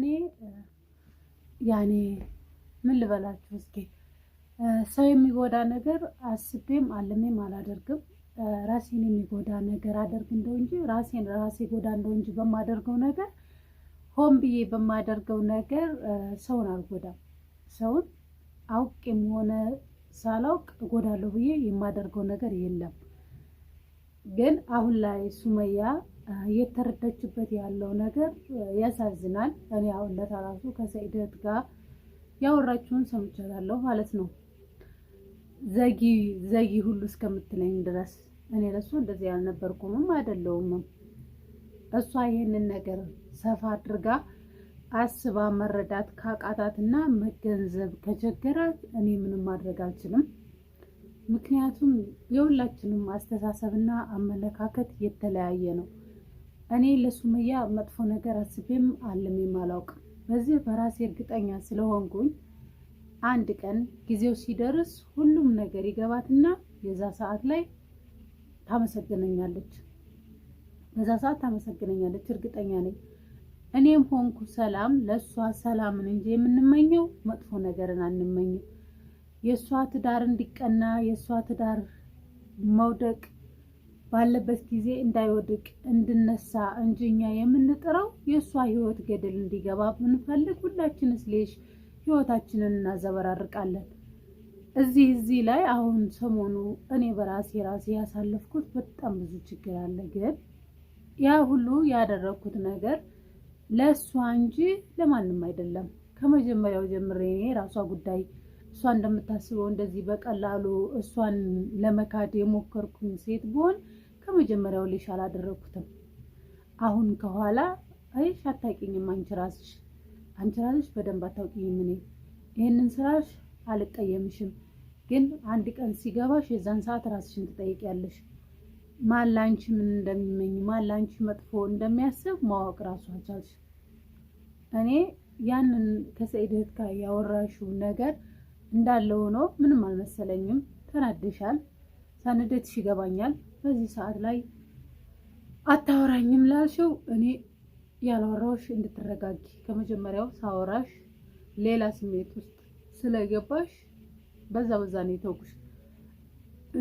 እኔ ያኔ ምን ልበላችሁ እስኪ ሰው የሚጎዳ ነገር አስቤም አለሜም አላደርግም። ራሴን የሚጎዳ ነገር አደርግ እንደው እንጂ ራሴን ራሴ ጎዳ እንደው እንጂ በማደርገው ነገር ሆን ብዬ በማደርገው ነገር ሰውን አልጎዳም። ሰውን አውቄም ሆነ ሳላውቅ እጎዳለሁ ብዬ የማደርገው ነገር የለም። ግን አሁን ላይ ሱመያ የተረዳችበት ያለው ነገር ያሳዝናል። እኔ አሁን ለታራሱ ከሰይደት ጋር ያወራችሁን ሰምቻለሁ ማለት ነው። ዘጊ ዘጊ ሁሉ እስከምትለኝ ድረስ እኔ ለሱ እንደዚህ ያልነበርኩምም አይደለውም። እሷ ይህንን ነገር ሰፋ አድርጋ አስባ መረዳት ካቃታትና መገንዘብ ከቸገራት እኔ ምንም ማድረግ አልችልም። ምክንያቱም የሁላችንም አስተሳሰብና አመለካከት የተለያየ ነው። እኔ ለሱመያ መጥፎ ነገር አስቤም አልሜም አላውቅም። በዚህ በራሴ እርግጠኛ ስለሆንኩኝ አንድ ቀን ጊዜው ሲደርስ ሁሉም ነገር ይገባትና የዛ ሰዓት ላይ ታመሰግነኛለች። በዛ ሰዓት ታመሰግነኛለች፣ እርግጠኛ ነኝ። እኔም ሆንኩ ሰላም ለእሷ ሰላምን እንጂ የምንመኘው መጥፎ ነገርን አንመኝም። የእሷ ትዳር እንዲቀና የእሷ ትዳር መውደቅ ባለበት ጊዜ እንዳይወድቅ እንድነሳ እንጂ እኛ የምንጥረው የእሷ ህይወት ገደል እንዲገባ ብንፈልግ ሁላችንስ ስሌሽ ህይወታችንን እናዘበራርቃለን። እዚህ እዚህ ላይ አሁን ሰሞኑ እኔ በራሴ ራሴ ያሳለፍኩት በጣም ብዙ ችግር አለ። ግን ያ ሁሉ ያደረግኩት ነገር ለእሷ እንጂ ለማንም አይደለም። ከመጀመሪያው ጀምሬ እኔ የራሷ ጉዳይ እሷ እንደምታስበው እንደዚህ በቀላሉ እሷን ለመካድ የሞከርኩኝ ሴት ብሆን ከመጀመሪያው ልሽ አላደረኩትም። አሁን ከኋላ አይሽ አታውቂኝም። አንቺ ራስሽ አንቺ ራስሽ በደንብ አታውቂኝም። እኔ ይህንን ስራሽ አልቀየምሽም፣ ግን አንድ ቀን ሲገባሽ የዛን ሰዓት ራስሽን ትጠይቂያለሽ። ማን ላንቺ ምን እንደሚመኝ ማን ላንቺ መጥፎ እንደሚያስብ ማወቅ ራሱ አልቻልሽ። እኔ ያንን ከሰኢድ እህት ጋር ያወራሽው ነገር እንዳለ ሆኖ ምንም አልመሰለኝም። ተናድሻል። ሰንደትሽ ይገባኛል። በዚህ ሰዓት ላይ አታወራኝም ላልሽው እኔ ያላወራሁሽ እንድትረጋጊ ከመጀመሪያው ሳወራሽ ሌላ ስሜት ውስጥ ስለገባሽ በዛ በዛ ነው የተውኩሽ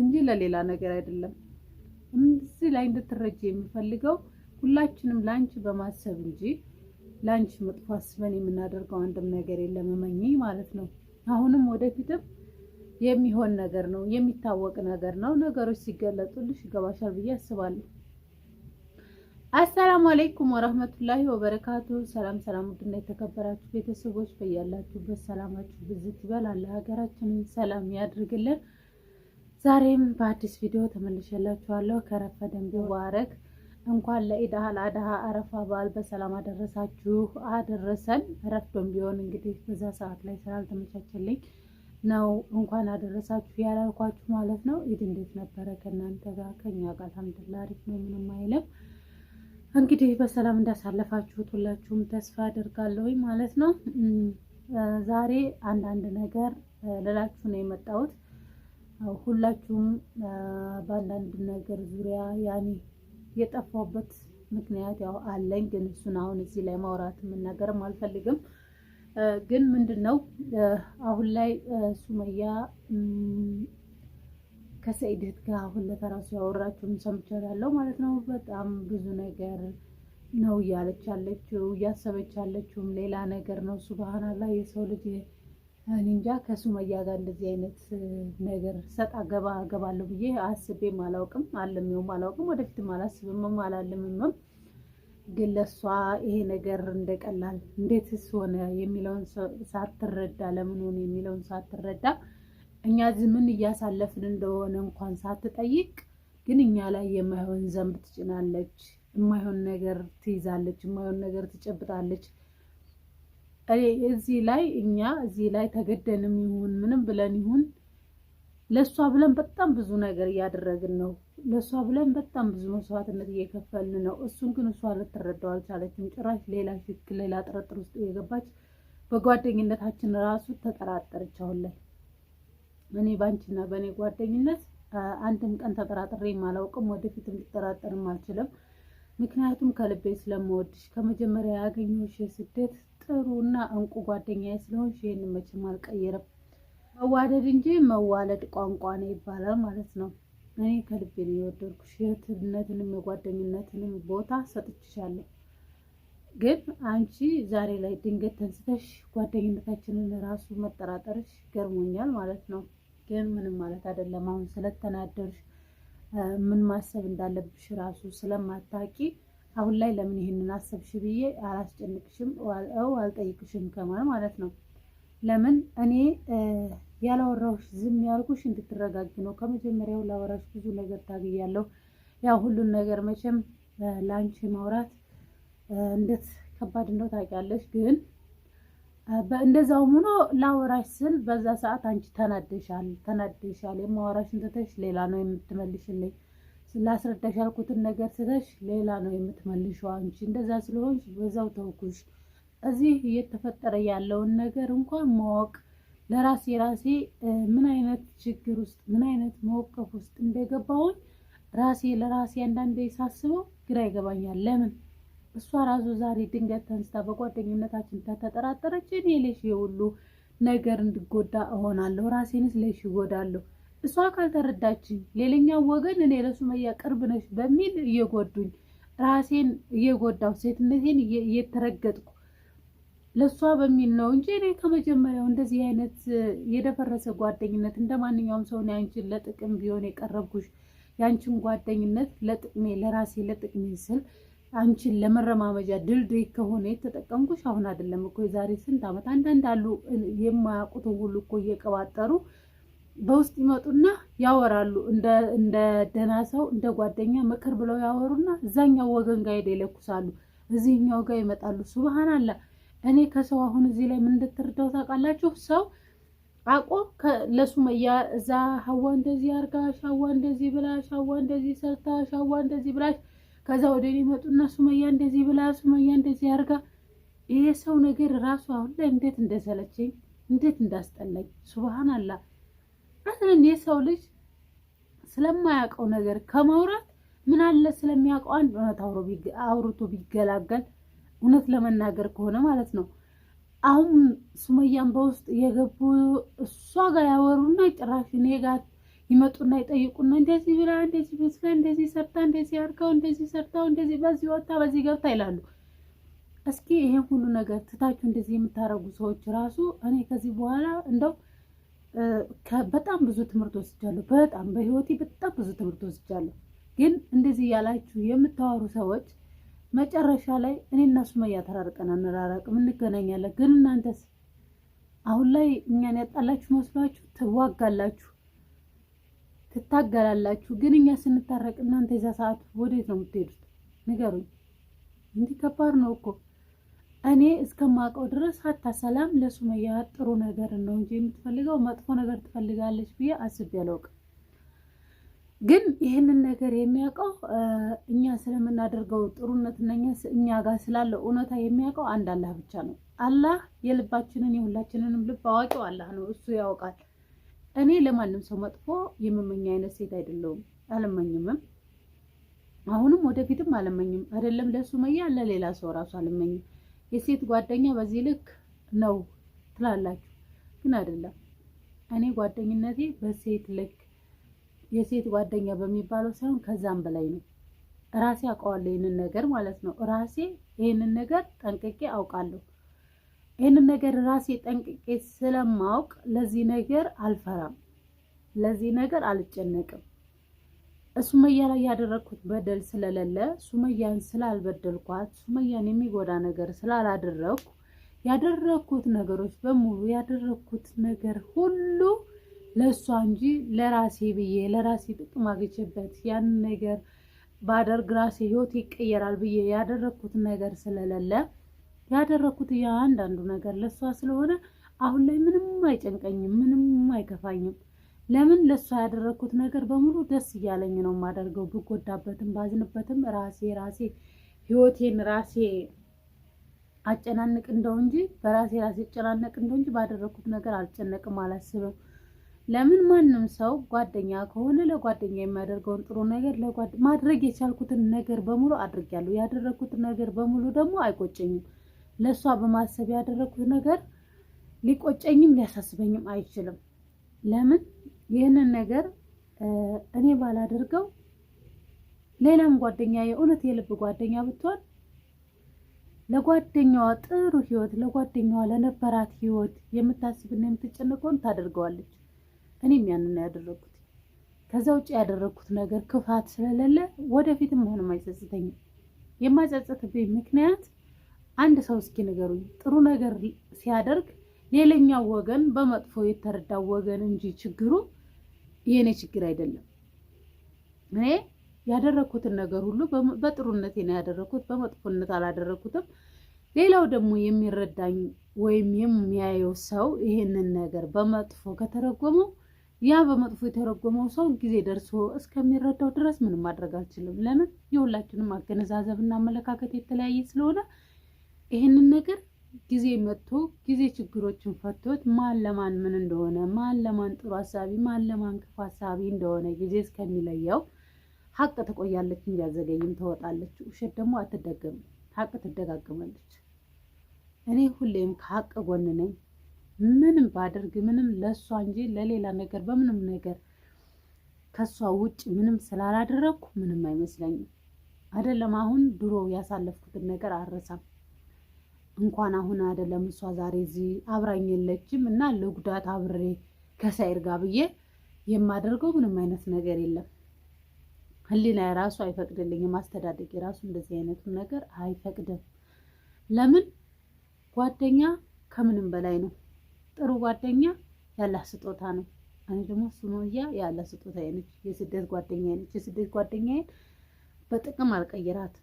እንጂ ለሌላ ነገር አይደለም። እዚህ ላይ እንድትረጂ የሚፈልገው ሁላችንም ላንች በማሰብ እንጂ ላንች መጥፎ አስበን የምናደርገው አንድም ነገር የለም። እመኚ ማለት ነው አሁንም ወደፊትም የሚሆን ነገር ነው፣ የሚታወቅ ነገር ነው። ነገሮች ሲገለጡልሽ ይገባሻል ብዬ አስባለሁ። አሰላሙ አለይኩም ወረህመቱላሂ ወበረካቱ። ሰላም ሰላም፣ ውድና የተከበራችሁ ቤተሰቦች በያላችሁበት ሰላማችሁ ብዝት ይበል። ሀገራችንን ሰላም ያድርግልን። ዛሬም በአዲስ ቪዲዮ ተመልሼላችኋለሁ። ከረፈደን ቢዋረግ እንኳን ለኢድ አልአድሃ አረፋ በዓል በሰላም አደረሳችሁ አደረሰን። ረፍዶን ቢሆን እንግዲህ በዛ ሰዓት ላይ ስላልተመቻቸልኝ ነው እንኳን አደረሳችሁ ያላልኳችሁ ማለት ነው። ኢድ እንዴት ነበረ ከእናንተ ጋር? ከኛ ጋር አልሐምዱሊላህ አሪፍ ነው፣ ምንም አይልም። እንግዲህ በሰላም እንዳሳለፋችሁት ሁላችሁም ተስፋ አደርጋለሁ ማለት ነው። ዛሬ አንዳንድ ነገር ልላችሁ ነው የመጣሁት። ሁላችሁም በአንዳንድ ነገር ዙሪያ ያኔ የጠፋሁበት ምክንያት ያው አለኝ፣ ግን እሱን አሁን እዚህ ላይ ማውራት የምናገርም አልፈልግም። ግን ምንድን ነው አሁን ላይ ሱመያ ከሰኢድ እህት ጋር አሁን ለተራሱ ያወራችሁም ሰምቻለሁ ማለት ነው። በጣም ብዙ ነገር ነው እያለች ያለችው እያሰበች ያለችውም ሌላ ነገር ነው። ሱብሃናላህ የሰው ልጅ እንጃ ከሱመያ ጋር እንደዚህ አይነት ነገር ሰጣ ገባ ገባለሁ ብዬ አስቤም አላውቅም፣ አለሜውም አላውቅም፣ ወደፊትም አላስብምም አላለምምም ግን ለእሷ ይሄ ነገር እንደቀላል እንዴትስ ሆነ የሚለውን ሳትረዳ ለምን ሆነ የሚለውን ሳትረዳ እኛ እዚህ ምን እያሳለፍን እንደሆነ እንኳን ሳትጠይቅ ግን እኛ ላይ የማይሆን ዘንብ ትጭናለች፣ የማይሆን ነገር ትይዛለች፣ የማይሆን ነገር ትጨብጣለች። እዚህ ላይ እኛ እዚህ ላይ ተገደንም ይሁን ምንም ብለን ይሁን ለእሷ ብለን በጣም ብዙ ነገር እያደረግን ነው። ለእሷ ብለን በጣም ብዙ መስዋዕትነት እየከፈልን ነው። እሱን ግን እሷ ልትረዳው አልቻለችም። ጭራሽ ሌላ ሽክ፣ ሌላ ጥርጥር ውስጥ የገባች በጓደኝነታችን ራሱ ተጠራጠረች። አሁን ላይ እኔ ባንቺና በእኔ ጓደኝነት አንድም ቀን ተጠራጥሬም አላውቅም። ወደፊትም ልጠራጠርም አልችልም። ምክንያቱም ከልቤ ስለምወድሽ ከመጀመሪያ ያገኘሁሽ ስደት ጥሩ እና እንቁ ጓደኛዬ ስለሆንሽ ይህን መቼም አልቀየርም። መዋደድ እንጂ መዋለድ ቋንቋ ነው ይባላል ማለት ነው። እኔ ከልቤ ነው የወደድኩሽ። የእህትነትንም የጓደኝነትንም ቦታ ሰጥችሻለሁ። ግን አንቺ ዛሬ ላይ ድንገት ተንስተሽ ጓደኝነታችንን ራሱ መጠራጠርሽ ገርሞኛል ማለት ነው። ግን ምንም ማለት አይደለም። አሁን ስለተናደርሽ ምን ማሰብ እንዳለብሽ ራሱ ስለማታቂ አሁን ላይ ለምን ይህንን አሰብሽ ብዬ አላስጨንቅሽም፣ አልጠይቅሽም ከማል ማለት ነው። ለምን እኔ ያላወራሁሽ ዝም ያልኩሽ እንድትረጋጊ ነው። ከመጀመሪያው ላወራሽ ብዙ ነገር ታግያለሁ። ያው ሁሉን ነገር መቼም ለአንቺ ማውራት እንዴት ከባድ እንደው ታውቂያለሽ። ግን እንደዛውም ሆኖ ላወራሽ ስል በዛ ሰዓት አንቺ ተናደሻል ተናደሻል። የማወራሽን ትተሽ ሌላ ነው የምትመልሽልኝ። ላስረዳሽ ያልኩትን ነገር ትተሽ ሌላ ነው የምትመልሽው። አንቺ እንደዛ ስለሆንሽ በዛው ተውኩሽ። እዚህ እየተፈጠረ ያለውን ነገር እንኳን ማወቅ ለራሴ ራሴ ምን አይነት ችግር ውስጥ ምን አይነት መወቀፍ ውስጥ እንደገባሁኝ ራሴ ለራሴ አንዳንዴ ሳስበው ግራ ይገባኛል። ለምን እሷ ራሱ ዛሬ ድንገት ተንስታ በጓደኝነታችን ተተጠራጠረች፣ እኔ ለሽ ሁሉ ነገር እንድጎዳ እሆናለሁ፣ ራሴንስ ለሽ ይጎዳለሁ። እሷ ካልተረዳችኝ ሌላኛው ወገን እኔ ለሱመያ ቅርብ ነሽ በሚል እየጎዱኝ ራሴን እየጎዳው፣ ሴትነቴን እየተረገጥኩ ለእሷ በሚል ነው እንጂ እኔ ከመጀመሪያው እንደዚህ አይነት የደፈረሰ ጓደኝነት እንደ ማንኛውም ሰው ያንቺን ለጥቅም ቢሆን የቀረብኩሽ ያንቺን ጓደኝነት ለጥቅሜ ለራሴ ለጥቅሜ ስል አንቺን ለመረማመጃ ድልድይ ከሆነ የተጠቀምኩሽ አሁን አይደለም እኮ የዛሬ ስንት ዓመት አንዳንድ አሉ የማያውቁትን ሁሉ እኮ እየቀባጠሩ በውስጥ ይመጡና ያወራሉ። እንደ ደህና ሰው እንደ ጓደኛ ምክር ብለው ያወሩና እዛኛው ወገን ጋር ሄደ ይለኩሳሉ፣ እዚህኛው ጋር ይመጣሉ። ሱብሃን አላህ እኔ ከሰው አሁን እዚህ ላይ ምን እንድትርዳው ታውቃላችሁ? ሰው አቆ ለሱመያ እዛ ሀዋ እንደዚህ አርጋ ሻዋ እንደዚህ ብላ ሻዋ እንደዚህ ሰርታ ሻዋ እንደዚህ ብላሽ፣ ከዛ ወደ እኔ መጡና ሱመያ እንደዚህ ብላ ሱመያ እንደዚህ አርጋ ይሄ ሰው ነገር ራሱ አሁን ላይ እንዴት እንደሰለቸኝ እንዴት እንዳስጠላኝ ሱብሃን አላህ አሁን የሰው ልጅ ስለማያውቀው ነገር ከማውራት ምን አለ ስለሚያውቀው አንድ እውነት አውርቶ ቢገላገል እውነት ለመናገር ከሆነ ማለት ነው። አሁን ሱመያን በውስጥ የገቡ እሷ ጋር ያወሩና ጭራሽ እኔ ጋር ይመጡና ይጠይቁና እንደዚህ ብላ እንደዚህ ብስላ እንደዚህ ሰርታ እንደዚህ አድርገው እንደዚህ ሰርታው እንደዚህ በዚህ ወጣ በዚህ ገብታ ይላሉ። እስኪ ይሄን ሁሉ ነገር ትታችሁ እንደዚህ የምታደርጉ ሰዎች ራሱ እኔ ከዚህ በኋላ እንደው በጣም ብዙ ትምህርት ወስጃለሁ። በጣም በህይወቴ በጣም ብዙ ትምህርት ወስጃለሁ። ግን እንደዚህ ያላችሁ የምታወሩ ሰዎች መጨረሻ ላይ እኔ እና ሱመያ ተራርቀን አንራራቅም፣ እንገናኛለን። ግን እናንተስ አሁን ላይ እኛን ያጣላችሁ መስሏችሁ ትዋጋላችሁ፣ ትታገላላችሁ። ግን እኛ ስንታረቅ እናንተ የዛ ሰዓት ወዴት ነው የምትሄዱት? ንገሩኝ። እንዲህ ከባድ ነው እኮ እኔ እስከማውቀው ድረስ ሀታ ሰላም ለሱመያ ጥሩ ነገር ነው እንጂ የምትፈልገው መጥፎ ነገር ትፈልጋለች ብዬ አስቤ አላውቅም። ግን ይህንን ነገር የሚያውቀው እኛ ስለምናደርገው ጥሩነትና እኛ ጋር ስላለው እውነታ የሚያውቀው አንድ አላህ ብቻ ነው። አላህ የልባችንን የሁላችንንም ልብ አዋቂው አላህ ነው፣ እሱ ያውቃል። እኔ ለማንም ሰው መጥፎ የምመኝ አይነት ሴት አይደለውም። አልመኝምም። አሁንም ወደፊትም አልመኝም። አይደለም ለሱመያ ለሌላ ሰው እራሱ አልመኝም። የሴት ጓደኛ በዚህ ልክ ነው ትላላችሁ፣ ግን አይደለም። እኔ ጓደኝነቴ በሴት ልክ የሴት ጓደኛ በሚባለው ሳይሆን ከዛም በላይ ነው። ራሴ አውቀዋለሁ ይህንን ነገር ማለት ነው። ራሴ ይህንን ነገር ጠንቅቄ አውቃለሁ። ይህንን ነገር ራሴ ጠንቅቄ ስለማውቅ ለዚህ ነገር አልፈራም፣ ለዚህ ነገር አልጨነቅም። ሱመያ ላይ ያደረግኩት በደል ስለሌለ ሱመያን ስላልበደልኳት ሱመያን የሚጎዳ ነገር ስላላደረግኩ ያደረግኩት ነገሮች በሙሉ ያደረግኩት ነገር ሁሉ ለእሷ እንጂ ለራሴ ብዬ ለራሴ ጥቅም አግኝቼበት ያንን ነገር ባደርግ ራሴ ህይወት ይቀየራል ብዬ ያደረግኩት ነገር ስለሌለ ያደረግኩት የአንዳንዱ ነገር ለእሷ ስለሆነ አሁን ላይ ምንም አይጨንቀኝም፣ ምንም አይከፋኝም። ለምን ለእሷ ያደረግኩት ነገር በሙሉ ደስ እያለኝ ነው የማደርገው። ብጎዳበትም ባዝንበትም ራሴ ራሴ ህይወቴን ራሴ አጨናንቅ እንደው እንጂ በራሴ ራሴ ጨናነቅ እንደው እንጂ ባደረግኩት ነገር አልጨነቅም፣ አላስብም። ለምን ማንም ሰው ጓደኛ ከሆነ ለጓደኛ የሚያደርገውን ጥሩ ነገር ማድረግ የቻልኩትን ነገር በሙሉ አድርጊያለሁ። ያደረግኩትን ነገር በሙሉ ደግሞ አይቆጨኝም። ለእሷ በማሰብ ያደረግኩት ነገር ሊቆጨኝም ሊያሳስበኝም አይችልም። ለምን ይህንን ነገር እኔ ባላደርገው ሌላም ጓደኛ የእውነት የልብ ጓደኛ ብትሆን ለጓደኛዋ ጥሩ ህይወት ለጓደኛዋ ለነበራት ህይወት የምታስብና የምትጨንቀውን ታደርገዋለች። እኔም ያንን ነው ያደረግኩት። ከዛ ውጭ ያደረግኩት ነገር ክፋት ስለሌለ ወደፊትም መሆንም አይጸጽተኝም። የማይጸጽትብኝ ምክንያት አንድ ሰው እስኪ ንገሩኝ፣ ጥሩ ነገር ሲያደርግ ሌላኛው ወገን በመጥፎ የተረዳው ወገን እንጂ ችግሩ የእኔ ችግር አይደለም። እኔ ያደረግኩትን ነገር ሁሉ በጥሩነት ነው ያደረግኩት፣ በመጥፎነት አላደረግኩትም። ሌላው ደግሞ የሚረዳኝ ወይም የሚያየው ሰው ይሄንን ነገር በመጥፎ ከተረጎመው ያ በመጥፎ የተረጎመው ሰው ጊዜ ደርሶ እስከሚረዳው ድረስ ምንም ማድረግ አልችልም። ለምን የሁላችንም እና አመለካከት የተለያየ ስለሆነ ይህንን ነገር ጊዜ መጥቶ ጊዜ ችግሮችን ፈቶት ማን ለማን ምን እንደሆነ ማን ለማን ጥሩ ሀሳቢ ማን ለማን ክፉ ሀሳቢ እንደሆነ ጊዜ እስከሚለየው ሀቅ ትቆያለች እንጂ አዘገይም ትወጣለች። ውሸት ደግሞ አትደገምም፣ ሀቅ ትደጋግማለች። እኔ ሁሌም ከሀቅ ጎን ነኝ። ምንም ባደርግ ምንም ለእሷ እንጂ ለሌላ ነገር በምንም ነገር ከእሷ ውጭ ምንም ስላላደረግኩ ምንም አይመስለኝም። አይደለም አሁን ድሮ ያሳለፍኩትን ነገር አረሳም። እንኳን አሁን አይደለም እሷ ዛሬ እዚህ አብራኝ የለችም እና ለጉዳት አብሬ ከሳይር ጋር ብዬ የማደርገው ምንም አይነት ነገር የለም። ህሊና የራሱ አይፈቅድልኝ። አስተዳደግ የራሱ እንደዚህ አይነቱን ነገር አይፈቅድም። ለምን ጓደኛ ከምንም በላይ ነው። ጥሩ ጓደኛ ያለ ስጦታ ነው። እኔ ደግሞ ሱመያ ያለ ስጦታ ነች፣ የስደት ጓደኛ ነች። የስደት ጓደኛዬን በጥቅም አልቀይራት፣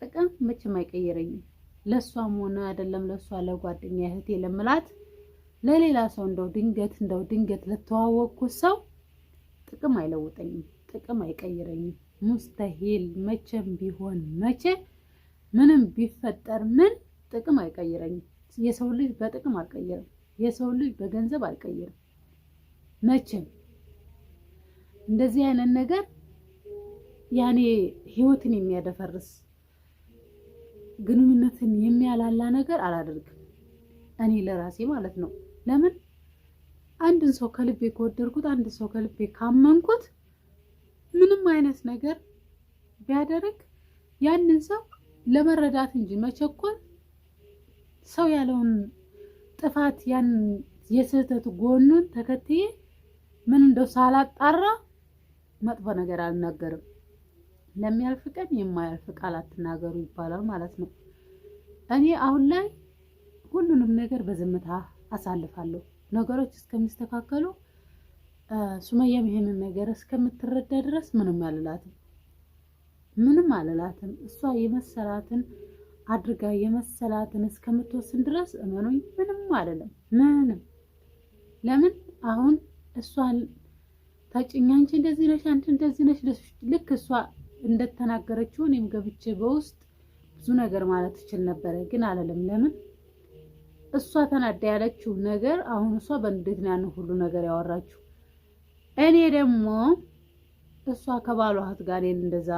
ጥቅም መቼም አይቀይረኝም። ለእሷም ሆነ አይደለም ለእሷ ለጓደኛ እህቴ ለምላት ለሌላ ሰው እንደው ድንገት እንደው ድንገት ለተዋወቅኩ ሰው ጥቅም አይለውጠኝም፣ ጥቅም አይቀይረኝም። ሙስተሂል መቼም ቢሆን መቼ ምንም ቢፈጠር ምን ጥቅም አይቀይረኝም። የሰው ልጅ በጥቅም አልቀየረም? የሰው ልጅ በገንዘብ አልቀይርም መቼም። እንደዚህ አይነት ነገር ያኔ ህይወትን የሚያደፈርስ ግንኙነትን የሚያላላ ነገር አላደርግም እኔ ለራሴ ማለት ነው። ለምን አንድን ሰው ከልቤ ከወደድኩት፣ አንድ ሰው ከልቤ ካመንኩት ምንም አይነት ነገር ቢያደርግ ያንን ሰው ለመረዳት እንጂ መቸኮል ሰው ያለውን ጥፋት ያን የስህተት ጎኑን ተከትዬ ምን እንደው ሳላጣራ መጥፎ ነገር አልናገርም። ለሚያልፍ ቀን የማያልፍ ቃል አትናገሩ ይባላል ማለት ነው። እኔ አሁን ላይ ሁሉንም ነገር በዝምታ አሳልፋለሁ። ነገሮች እስከሚስተካከሉ ሱመያም ይሄንን ነገር እስከምትረዳ ድረስ ምንም አልላትም፣ ምንም አልላትም። እሷ የመሰላትን አድርጋ የመሰላትን እስከምትወስን ድረስ እመኑኝ ምንም አይደለም። ምንም ለምን አሁን እሷን ታጭኛ አንቺ እንደዚህ ነሽ፣ አንቺ እንደዚህ ነሽ። ልክ እሷ እንደተናገረችው እኔም ገብቼ በውስጥ ብዙ ነገር ማለት ትችል ነበረ፣ ግን አለለም። ለምን እሷ ተናዳ ያለችው ነገር አሁን እሷ በንዴት ነው ያንን ሁሉ ነገር ያወራችው። እኔ ደግሞ እሷ ከባሏ ጋር ጋር እንደዛ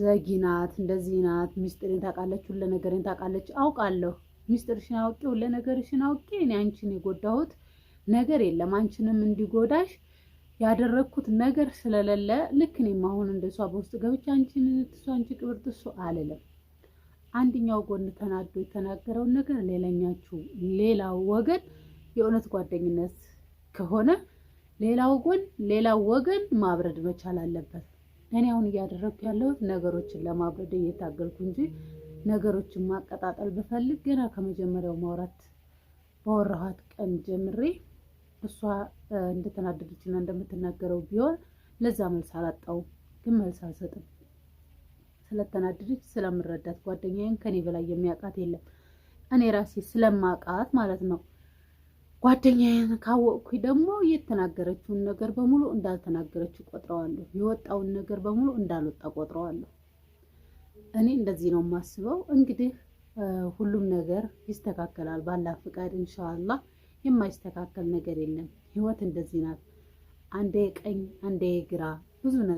ዘጊ ናት፣ እንደዚህ ናት፣ ሚስጥሬን ታውቃለች፣ ሁለ ነገሬን ታውቃለች። አውቃለሁ፣ ሚስጥርሽን አውቄ፣ ሁለ ነገርሽን አውቄ እኔ አንቺን የጎዳሁት ነገር የለም። አንቺንም እንዲጎዳሽ ያደረግኩት ነገር ስለሌለ ልክ እኔም አሁን እንደሷ በውስጥ ገብቼ አንቺን ትሱ አንቺ ቅብርት እሱ አልልም። አንድኛው ጎን ተናዶ የተናገረውን ነገር ሌላኛችሁ ሌላው ወገን የእውነት ጓደኝነት ከሆነ ሌላው ጎን ሌላው ወገን ማብረድ መቻል አለበት። እኔ አሁን እያደረግኩ ያለው ነገሮችን ለማብረድ እየታገልኩ እንጂ ነገሮችን ማቀጣጠል ብፈልግ ገና ከመጀመሪያው ማውራት ባወራኋት ቀን ጀምሬ እሷ እንደተናደደችና እንደምትናገረው ቢሆን ለዛ መልስ አላጣውም፣ ግን መልስ አልሰጥም። ስለተናደደች ስለምረዳት ጓደኛዬን ከኔ በላይ የሚያውቃት የለም። እኔ ራሴ ስለማውቃት ማለት ነው። ጓደኛዬን ካወቅኩኝ ደግሞ የተናገረችውን ነገር በሙሉ እንዳልተናገረችው ቆጥረዋለሁ። የወጣውን ነገር በሙሉ እንዳልወጣ ቆጥረዋለሁ። እኔ እንደዚህ ነው የማስበው። እንግዲህ ሁሉም ነገር ይስተካከላል ባላ ፍቃድ ኢንሻአላህ። የማይስተካከል ነገር የለም። ህይወት እንደዚህ ናት። አንዴ ቀኝ አንዴ ግራ ብዙ ነገር